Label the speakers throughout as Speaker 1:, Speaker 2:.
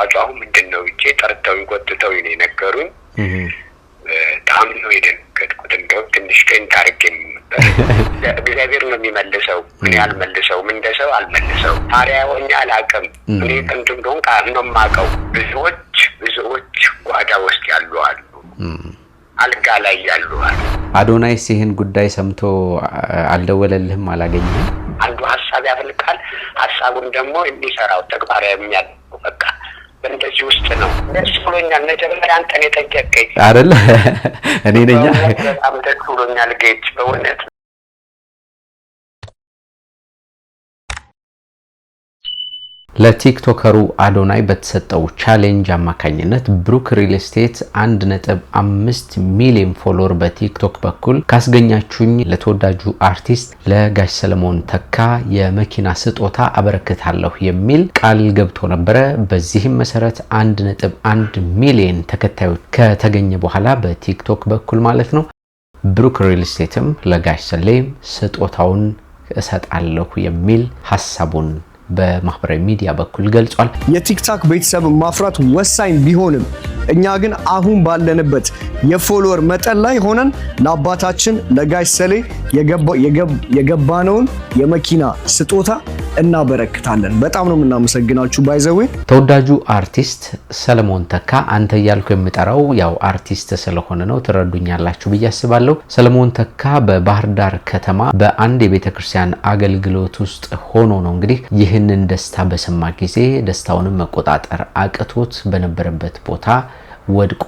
Speaker 1: ሲጯጯሁ ምንድን ነው እጄ ጠርተውኝ ጎትተው ነው የነገሩኝ። በጣም ነው የደነገጥኩት። እንደውም ትንሽ ቀኝ አድርጌ ነበር። እግዚአብሔር ነው የሚመልሰው፣ እኔ አልመልሰውም፣ እንደ ሰው አልመልሰውም። ታዲያ ሆኜ አላውቅም። እኔ ጥንድ እንደሆን ነው የማውቀው። ብዙዎች ብዙዎች ጓዳ ውስጥ ያሉ አሉ፣ አልጋ ላይ ያሉ አሉ።
Speaker 2: አዶናይስ ይህን ጉዳይ ሰምቶ አልደወለልህም? አላገኘህም?
Speaker 1: አንዱ ሀሳብ ያፈልቃል፣ ሀሳቡን ደግሞ የሚሰራው ተግባራዊ የሚያደርገው በቃ በእንደዚህ ውስጥ ነው ደስ ብሎኛል። መጀመሪያ አንተን የጠየቀኝ
Speaker 2: አይደለ እኔ ነኝ። በጣም ደስ ብሎኛል ጌች በእውነት ለቲክቶከሩ አዶናይ በተሰጠው ቻሌንጅ አማካኝነት ብሩክ ሪል ስቴት 1.5 ሚሊዮን ፎሎወር በቲክቶክ በኩል ካስገኛችሁኝ ለተወዳጁ አርቲስት ለጋሽ ሰለሞን ተካ የመኪና ስጦታ አበረክታለሁ የሚል ቃል ገብቶ ነበረ። በዚህም መሰረት 1.1 ሚሊዮን ተከታዮች ከተገኘ በኋላ በቲክቶክ በኩል ማለት ነው ብሩክ ሪል ስቴትም ለጋሽ ሰሌም ስጦታውን እሰጣለሁ የሚል ሀሳቡን በማህበራዊ ሚዲያ በኩል ገልጿል።
Speaker 3: የቲክታክ ቤተሰብ ማፍራት ወሳኝ ቢሆንም እኛ ግን አሁን ባለንበት የፎሎወር መጠን ላይ ሆነን ለአባታችን ለጋሽ ሰሌ የገባነውን የመኪና ስጦታ እናበረክታለን። በጣም ነው የምናመሰግናችሁ። ባይዘዌ
Speaker 2: ተወዳጁ አርቲስት ሰለሞን ተካ አንተ እያልኩ የምጠራው ያው አርቲስት ስለሆነ ነው፣ ትረዱኛላችሁ ብዬ አስባለሁ። ሰለሞን ተካ በባህር ዳር ከተማ በአንድ የቤተ ክርስቲያን አገልግሎት ውስጥ ሆኖ ነው እንግዲህ ይህንን ደስታ በሰማ ጊዜ ደስታውንም መቆጣጠር አቅቶት በነበረበት ቦታ ወድቆ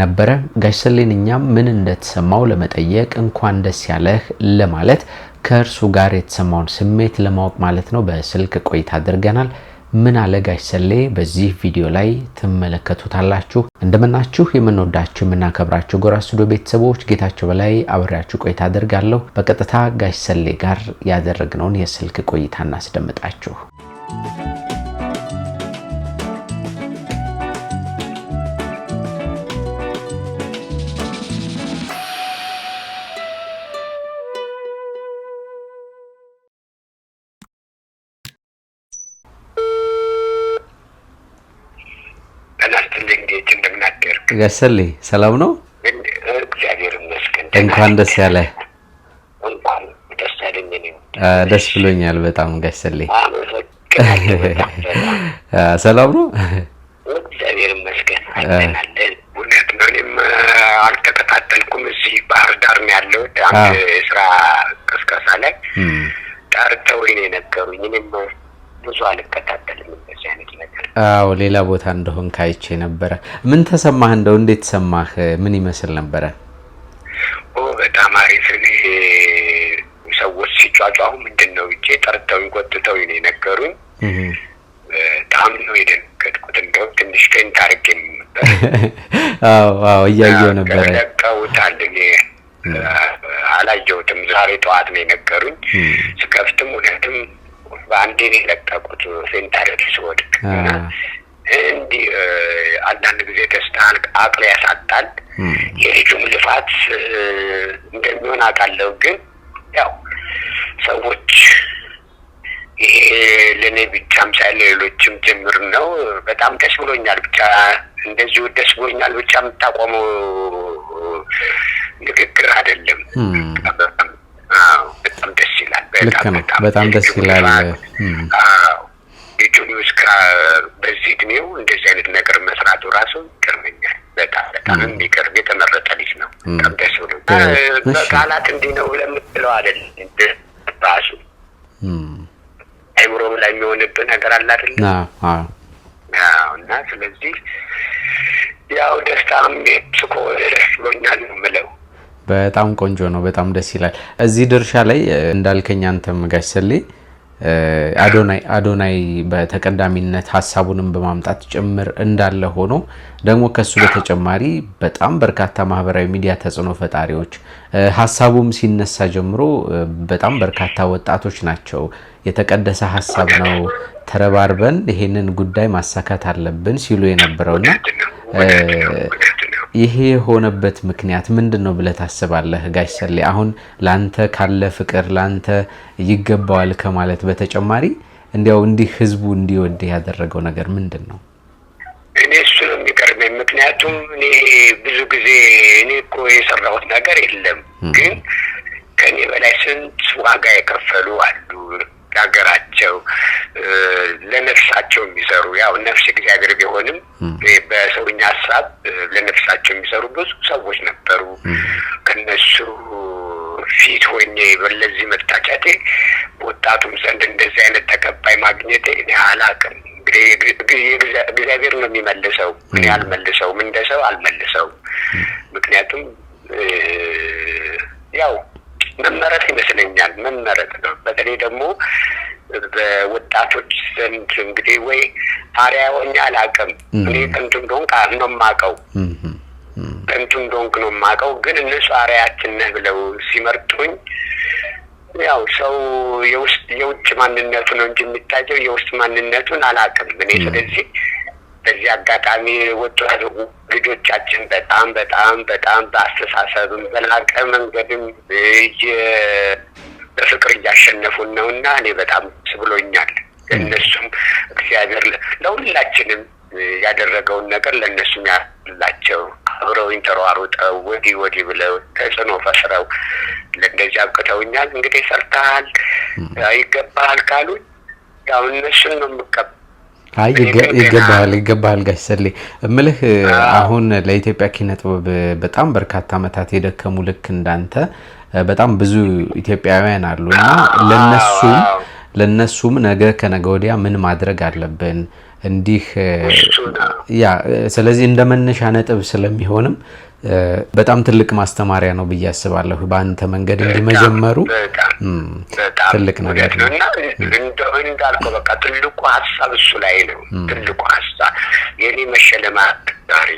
Speaker 2: ነበረ። ጋሽ ሰሌን እኛም ምን እንደተሰማው ለመጠየቅ እንኳን ደስ ያለህ ለማለት ከእርሱ ጋር የተሰማውን ስሜት ለማወቅ ማለት ነው በስልክ ቆይታ አድርገናል። ምን አለ ጋሽ ሰሌ በዚህ ቪዲዮ ላይ ትመለከቱታላችሁ። እንደምናችሁ የምንወዳችሁ የምናከብራችሁ ጎራ ስቱዲዮ ቤተሰቦች ጌታቸው በላይ አብሬያችሁ ቆይታ አድርጋለሁ። በቀጥታ ጋሽ ሰሌ ጋር ያደረግነውን የስልክ ቆይታ እናስደምጣችሁ። ጋሽ ሰላም ነው? እግዚአብሔር ይመስገን። እንኳን ደስ ያለ። ደስ ብሎኛል በጣም ጋሽ ሰላም ነው? እግዚአብሔር ይመስገን።
Speaker 1: እውነት ነው። እኔም አልተከታተልኩም። እዚህ ባህር ዳር ነው አንድ ስራ ቅስቀሳ ላይ ነው የነገሩኝ። እኔም ብዙ
Speaker 2: አልከታተልም እንደዚህ አይነት አዎ ሌላ ቦታ እንደሆን ካይቼ ነበረ። ምን ተሰማህ? እንደው እንዴት ሰማህ? ምን ይመስል ነበረ?
Speaker 1: በጣም አሪፍ። እኔ ሰዎች ሲጫጫሁ ምንድን ነው እጄ ጠርተው ቆጥተው ነው የነገሩኝ። በጣም ነው የደነገጥኩት። እንደው ትንሽ ፌንት አድርጌ ነበር።
Speaker 2: እያየው ነበረ። ለቀውታል።
Speaker 1: እኔ አላየሁትም። ዛሬ ጠዋት ነው የነገሩኝ። ስከፍትም እውነትም ለቀቁት፣ በአንዴ ነው ለቀቁት። ሴንታሪ ሲወድቅ እና እንዲህ አንዳንድ ጊዜ ደስታ አቅል ያሳጣል። የልጁም ልፋት እንደሚሆን አውቃለሁ። ግን ያው ሰዎች ይሄ ለእኔ ብቻም ሳይሆን ለሌሎችም ጅምር ነው። በጣም ደስ ብሎኛል። ብቻ እንደዚሁ ደስ ብሎኛል ብቻ የምታቆመው ንግግር አይደለም።
Speaker 2: በጣም ደስ ልክ ነው። በጣም ደስ ይላል።
Speaker 1: ልጁስ በዚህ እድሜው እንደዚህ አይነት ነገር መስራቱ ራሱ ይገርመኛል። በጣም በጣም የሚገርም የተመረጠ ልጅ ነው። በጣም ደስ ብሎ በቃላት እንዲህ ነው ለምትለው አይደለም ራሱ አይምሮም ላይ የሚሆንብህ ነገር አለ አይደለም እና ስለዚህ ያው ደስታም ስኮ ደስ ብሎኛል ነው የምለው
Speaker 2: በጣም ቆንጆ ነው። በጣም ደስ ይላል። እዚህ ድርሻ ላይ እንዳልከኝ አንተም ጋሽ ሰሌ አዶናይ አዶናይ በተቀዳሚነት ሀሳቡንም በማምጣት ጭምር እንዳለ ሆኖ ደግሞ ከሱ በተጨማሪ በጣም በርካታ ማህበራዊ ሚዲያ ተጽዕኖ ፈጣሪዎች ሀሳቡም ሲነሳ ጀምሮ በጣም በርካታ ወጣቶች ናቸው የተቀደሰ ሀሳብ ነው፣ ተረባርበን ይሄንን ጉዳይ ማሳካት አለብን ሲሉ የነበረውና ይሄ የሆነበት ምክንያት ምንድን ነው ብለህ ታስባለህ? ጋሽ ሰሌ አሁን ላንተ ካለ ፍቅር ላንተ ይገባዋል ከማለት በተጨማሪ እንዲያው እንዲህ ህዝቡ እንዲወድ ያደረገው ነገር ምንድን ነው?
Speaker 1: እኔ እሱ ነው የሚቀርበኝ። ምክንያቱም እኔ ብዙ ጊዜ እኔ እኮ የሰራሁት ነገር የለም፣ ግን ከኔ በላይ ስንት ዋጋ የከፈሉ አሉ ለነፍሳቸው የሚሰሩ ያው ነፍስ እግዚአብሔር ቢሆንም በሰውኛ ሀሳብ ለነፍሳቸው የሚሰሩ ብዙ ሰዎች ነበሩ። ከነሱ ፊት ሆኜ በለዚህ መታጨቴ ወጣቱም ዘንድ እንደዚህ አይነት ተቀባይ ማግኘቴ እኔ አላቅም። እግዚአብሔር ነው የሚመልሰው። እኔ አልመልሰውም፣ እንደ ሰው አልመልሰውም። ምክንያቱም ያው መመረጥ ይመስለኛል መመረጥ ነው። በተለይ ደግሞ በወጣቶች ዘንድ እንግዲህ ወይ አሪያ አሪያወኝ አላውቅም። እኔ ጥንቱ እንደሆንክ ነው የማውቀው፣ ጥንቱ እንደሆንክ ነው የማውቀው። ግን እነሱ አሪያችን ነህ ብለው ሲመርጡኝ ያው ሰው የውስጥ የውጭ ማንነቱ ነው እንጂ የሚታየው የውስጥ ማንነቱን አላውቅም እኔ። ስለዚህ በዚህ አጋጣሚ ወጣት ልጆቻችን በጣም በጣም በጣም በአስተሳሰብም በላቀ መንገድም በፍቅር እያሸነፉን ነው እና እኔ በጣም ብሎኛል። እነሱም እግዚአብሔር ለሁላችንም ያደረገውን ነገር ለእነሱም ያላቸው አብረውኝ ተሯሩጠው ወዲህ ወዲህ ብለው ተጽዕኖ ፈስረው ለእንደዚህ አብቅተውኛል። እንግዲህ ሰርተሃል፣ ይገባሃል ካሉኝ ያው እነሱን ነው የምቀበለው።
Speaker 2: አይ ይገባሃል፣ ይገባሃል ጋሽ ሰሌ እምልህ አሁን ለኢትዮጵያ ኪነ ጥበብ በጣም በርካታ ዓመታት የደከሙ ልክ እንዳንተ በጣም ብዙ ኢትዮጵያውያን አሉ እና ለነሱም ለነሱም ነገ ከነገ ወዲያ ምን ማድረግ አለብን እንዲህ ያ ስለዚህ እንደ መነሻ ነጥብ ስለሚሆንም በጣም ትልቅ ማስተማሪያ ነው ብዬ አስባለሁ። በአንተ መንገድ እንዲመጀመሩ ትልቅ
Speaker 1: ነገር ነው እንዳልከው በቃ ትልቁ ሀሳብ እሱ ላይ ነው። ትልቁ ሀሳብ የኔ መሸለማ ዛሬ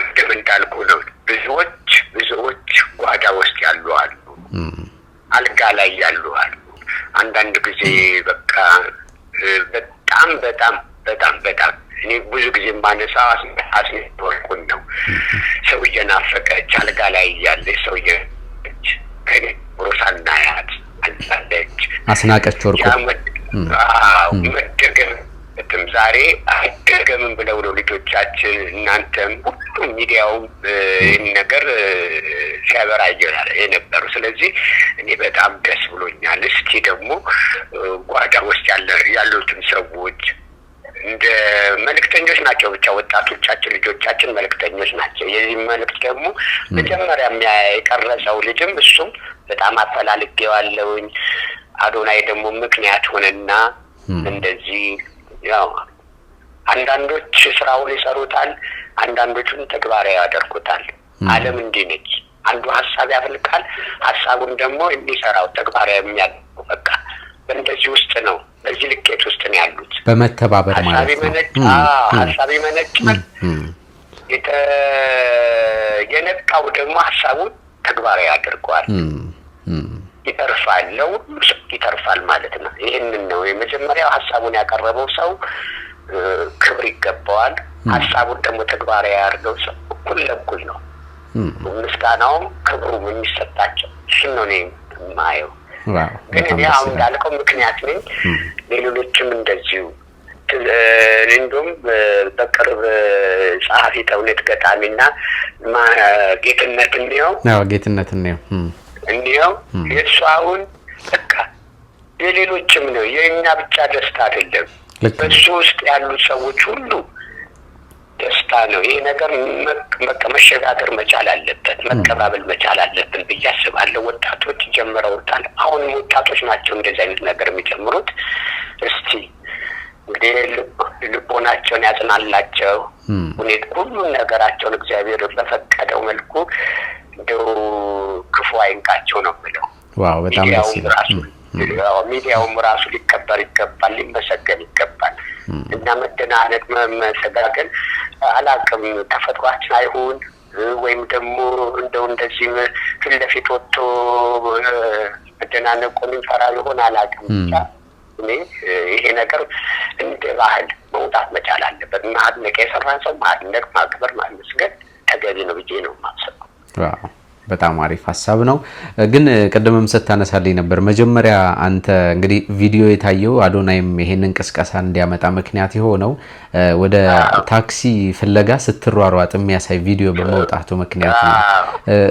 Speaker 1: ቅድም እንዳልኩ ነው። ብዙዎች ብዙዎች ጓዳ ውስጥ ያሉ አሉ፣ አልጋ ላይ ያሉ አሉ አንዳንድ ጊዜ በቃ በጣም በጣም በጣም በጣም እኔ ብዙ ጊዜ ማነሳ አስሜት ወርቁን ነው። ሰውዬ ናፈቀች፣ አልጋ ላይ እያለች ሰውዬ ከኔ ሮሳናያት አላለች
Speaker 2: አስናቀች ወርቁ
Speaker 1: መደገም እትም ዛሬ አይደገምም ብለው ነው ልጆቻችን፣ እናንተም፣ ሁሉም ሚዲያውም ይህን ነገር ሲያበራ የነበሩ። ስለዚህ እኔ በጣም ደስ ብሎኛል። እስኪ ደግሞ ጓዳ ውስጥ ያሉትን ሰዎች እንደ መልእክተኞች ናቸው። ብቻ ወጣቶቻችን ልጆቻችን መልእክተኞች ናቸው። የዚህ መልእክት ደግሞ መጀመሪያ የቀረጸው ልጅም እሱም በጣም አፈላልጌዋለሁኝ። አዶናይ ደግሞ ምክንያት ሆነና እንደዚህ ያው አንዳንዶች ስራውን ይሰሩታል፣ አንዳንዶቹም ተግባራዊ ያደርጉታል። ዓለም እንዲህ ነች። አንዱ ሀሳብ ያፈልቃል፣ ሀሳቡን ደግሞ እንዲሰራው ተግባራዊ የሚያደርጉ በቃ በእንደዚህ ውስጥ ነው፣ በዚህ ልኬት ውስጥ ነው ያሉት።
Speaker 2: በመተባበር ማለት
Speaker 1: ነው። ሀሳብ ይመነጫል። የነቃው ደግሞ ሀሳቡን ተግባራዊ ያደርገዋል። ይተርፋል፣ ለሁሉ ሰው ይተርፋል ማለት ነው። ይህንን ነው የመጀመሪያው ሀሳቡን ያቀረበው ሰው ክብር ይገባዋል። ሀሳቡን ደግሞ ተግባራዊ ያደርገው ሰው እኩል ለእኩል ነው ምስጋናውም ክብሩም የሚሰጣቸው እሱን ነው እኔ የማየው። ግን እኔ አሁን እንዳልከው ምክንያት ነኝ። ሌሎችም እንደዚሁ እንዲሁም በቅርብ ጸሐፊ ተውኔት ገጣሚና ጌትነት እንየው
Speaker 2: ጌትነት እንየው
Speaker 1: እንዲያው የእሱ አሁን በቃ የሌሎችም ነው የእኛ ብቻ ደስታ አይደለም። በሱ ውስጥ ያሉት ሰዎች ሁሉ ደስታ ነው። ይሄ ነገር መሸጋገር መቻል አለበት፣ መቀባበል መቻል አለብን ብዬ አስባለሁ። ወጣቶች ጀምረውታል። አሁንም ወጣቶች ናቸው እንደዚህ አይነት ነገር የሚጀምሩት። እስቲ እንግዲህ ልቦናቸውን ያጽናላቸው፣ ሁኔታ ሁሉን ነገራቸውን እግዚአብሔር በፈቀደው መልኩ እንደው ክፉ አይንቃቸው ነው የምለው።
Speaker 2: ዋው በጣም ደስ ይላል።
Speaker 1: ሚዲያውም ራሱ ሊከበር ይገባል፣ ሊመሰገን ይገባል። እና መደናነቅ፣ መሰጋገን አላቅም ተፈጥሯችን አይሁን ወይም ደግሞ እንደው እንደዚህ ፊት ለፊት ወጥቶ መደናነቁን ፈራ ይሆን አላቅም። ብቻ እኔ ይሄ ነገር እንደ ባህል መውጣት መቻል አለበት። ማድነቅ የሰራን ሰው ማድነቅ፣ ማክበር፣ ማመስገን ተገቢ ነው ብዬ ነው የማስበው።
Speaker 2: በጣም አሪፍ ሀሳብ ነው። ግን ቅድምም ስታነሳልኝ ነበር መጀመሪያ አንተ እንግዲህ ቪዲዮ የታየው አዶናይም ይሄንን ቅስቀሳ እንዲያመጣ ምክንያት የሆነው ወደ ታክሲ ፍለጋ ስትሯሯጥ የሚያሳይ ቪዲዮ በመውጣቱ ምክንያት ነው።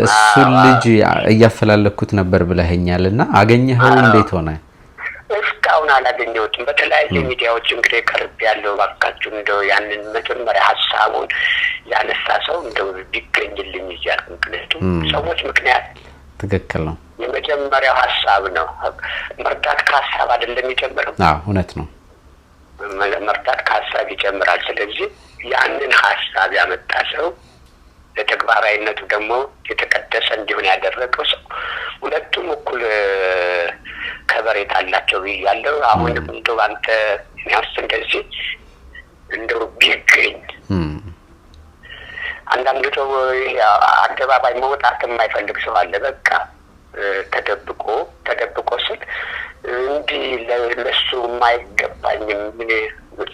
Speaker 2: እሱን ልጅ እያፈላለኩት ነበር ብለኸኛል እና አገኘኸው? እንዴት ሆነ?
Speaker 1: እስካሁን አላገኘሁትም። በተለያየ ሚዲያዎች እንግዲህ ቅርብ ያለው ባካችሁ እንደው ያንን መጀመሪያ ሀሳቡን ያነሳ ሰው እንደው ቢገኝልኝ እያልኩ ምክንያቱም ሰዎች ምክንያት ትክክል ነው። የመጀመሪያው ሀሳብ ነው። መርዳት ከሀሳብ አይደለም የጀመረው። እውነት ነው። መርዳት ከሀሳብ ይጀምራል። ስለዚህ ያንን ሀሳብ ያመጣ ሰው ለተግባራዊነቱ ደግሞ የተቀደሰ እንዲሆን ያደረገው ሰው ሁለቱም እኩል ከበሬታ አላቸው ብያለሁ። አሁን እንደው አንተ ሚያስ እንደዚህ እንደው ቢገኝ አንዳንድ ሰው አደባባይ መውጣት የማይፈልግ ሰው አለ። በቃ ተደብቆ ተደብቆ ስል እንዲህ ለሱ የማይገባኝም ምን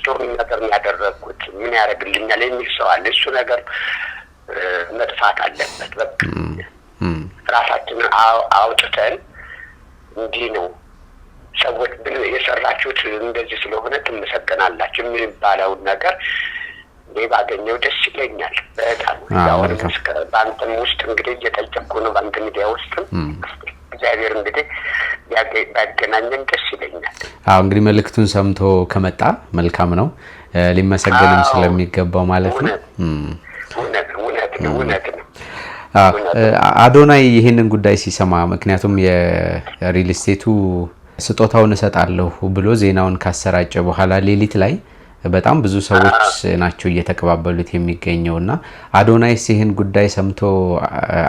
Speaker 1: ጥሩ ነገር ያደረግኩት ምን ያደርግልኛል የሚል ሰው አለ። እሱ ነገር መጥፋት አለበት። በቃ ራሳችንን አውጥተን እንዲህ ነው ሰዎች የሰራችሁት እንደዚህ ስለሆነ ትመሰገናላችሁ የሚባለውን ነገር እኔ ባገኘው ደስ ይለኛል በጣም በአንተም ውስጥ እንግዲህ እየጠየቅኩ ነው። በአንተ ሚዲያ ውስጥም እግዚአብሔር እንግዲህ ያገናኘን ደስ ይለኛል።
Speaker 2: አዎ እንግዲህ መልእክቱን ሰምቶ ከመጣ መልካም ነው፣ ሊመሰገንም ስለሚገባው ማለት ነው። ነው፣ ነው። አዶናይ ይህንን ጉዳይ ሲሰማ ምክንያቱም የሪል ስቴቱ ስጦታውን እሰጣለሁ ብሎ ዜናውን ካሰራጨ በኋላ ሌሊት ላይ በጣም ብዙ ሰዎች ናቸው እየተቀባበሉት የሚገኘው እና አዶናይስ ይህን ጉዳይ ሰምቶ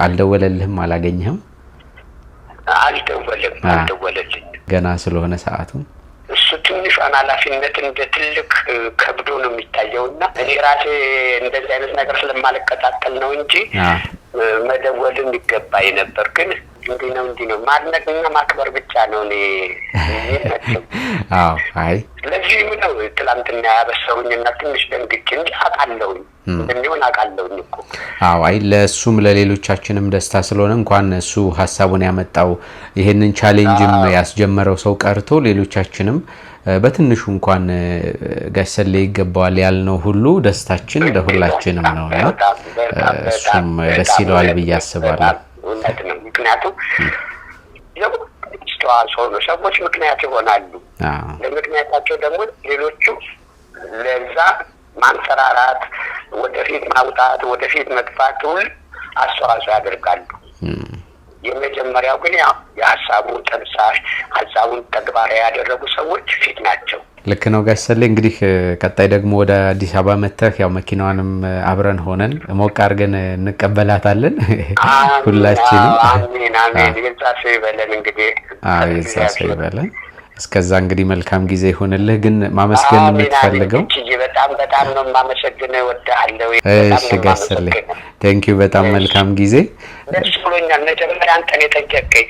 Speaker 2: አልደወለልህም? አላገኘህም?
Speaker 1: አልደወለም፣ አልደወለልኝ
Speaker 2: ገና ስለሆነ ሰዓቱ
Speaker 1: ስልጣን ኃላፊነት እንደ ትልቅ ከብዶ ነው የሚታየው እና እኔ ራሴ እንደዚህ አይነት ነገር ስለማልቀጣጠል ነው እንጂ መደወልም ይገባኝ ነበር ግን እንዲህ ነው እንዲህ ነው ማክበር ብቻ ነው። እኔ አይ ነው ትላንትና ትንሽ ደንግጬ እንጂ አውቃለሁኝ እንደሚሆን አውቃለሁኝ እኮ።
Speaker 2: አዎ፣ አይ ለእሱም ለሌሎቻችንም ደስታ ስለሆነ እንኳን እሱ ሀሳቡን ያመጣው ይህንን ቻሌንጅም ያስጀመረው ሰው ቀርቶ ሌሎቻችንም በትንሹ እንኳን ጋሰሌ ይገባዋል ያልነው ሁሉ ደስታችን ለሁላችንም ነውና እሱም ደስ ይለዋል ብዬ አስባለሁ።
Speaker 1: ምክንያቱም አስተዋጽኦ ነው። ሰዎች ምክንያት ይሆናሉ። ለምክንያታቸው ደግሞ ሌሎቹ ለዛ ማንሰራራት፣ ወደፊት ማውጣት፣ ወደፊት መግፋት ሁሉ አስተዋጽኦ ያደርጋሉ። የመጀመሪያው ግን የሀሳቡን ጠንሳሽ ሀሳቡን ተግባራዊ ያደረጉ ሰዎች ፊት ናቸው።
Speaker 2: ልክ ነው ጋሽ እንግዲህ ቀጣይ ደግሞ ወደ አዲስ አበባ መተህ ያው መኪናዋንም አብረን ሆነን ሞቅ አድርገን እንቀበላታለን ሁላችንም።
Speaker 1: ይጻፍ ይበለን
Speaker 2: እስከዛ እንግዲህ መልካም ጊዜ ይሆንልህ። ግን ማመስገን የምትፈልገው
Speaker 1: በጣም በጣም ነው ማመሰግን ወዳለው።
Speaker 2: እሺ ቴንኪዩ። በጣም መልካም ጊዜ።
Speaker 1: ደስ ብሎኛል። መጀመሪያ የጠየቀኝ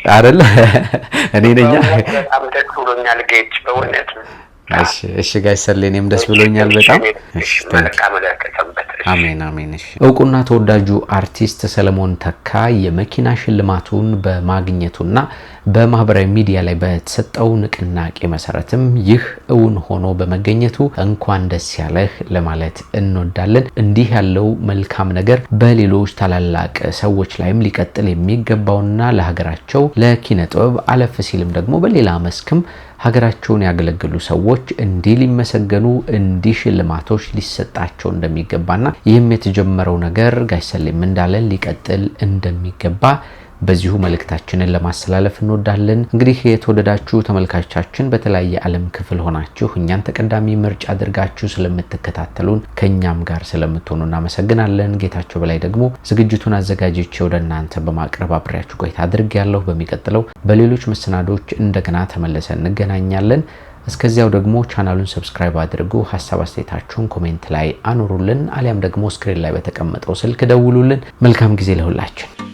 Speaker 2: እኔ ነኝ። በጣም ደስ ብሎኛል በእውነት እሺ እሺ ጋሽ ሰርሌ እኔም ደስ ብሎኛል በጣም አሜን አሜን። እሺ እውቁና ተወዳጁ አርቲስት ሰለሞን ተካ የመኪና ሽልማቱን በማግኘቱና በማህበራዊ ሚዲያ ላይ በተሰጠው ንቅናቄ መሰረትም ይህ እውን ሆኖ በመገኘቱ እንኳን ደስ ያለህ ለማለት እንወዳለን። እንዲህ ያለው መልካም ነገር በሌሎች ታላላቅ ሰዎች ላይም ሊቀጥል የሚገባውና ለሀገራቸው ለኪነ ጥበብ አለፍ ሲልም ደግሞ በሌላ መስክም ሀገራቸውን ያገለገሉ ሰዎች እንዲህ ሊመሰገኑ እንዲህ ሽልማቶች ሊሰጣቸው እንደሚገባና ይህም የተጀመረው ነገር ጋሽ ሰሌም እንዳለን ሊቀጥል እንደሚገባ በዚሁ መልእክታችንን ለማስተላለፍ እንወዳለን። እንግዲህ የተወደዳችሁ ተመልካቾቻችን በተለያየ ዓለም ክፍል ሆናችሁ እኛን ተቀዳሚ ምርጫ አድርጋችሁ ስለምትከታተሉን ከእኛም ጋር ስለምትሆኑ እናመሰግናለን። ጌታቸው በላይ ደግሞ ዝግጅቱን አዘጋጅቼ ወደ እናንተ በማቅረብ አብሬያችሁ ቆይታ አድርግ ያለሁ። በሚቀጥለው በሌሎች መሰናዶች እንደገና ተመልሰ እንገናኛለን። እስከዚያው ደግሞ ቻናሉን ሰብስክራይብ አድርጉ። ሀሳብ አስተያየታችሁን ኮሜንት ላይ አኑሩልን፣ አሊያም ደግሞ ስክሪን ላይ በተቀመጠው ስልክ ደውሉልን። መልካም ጊዜ ለሁላችን።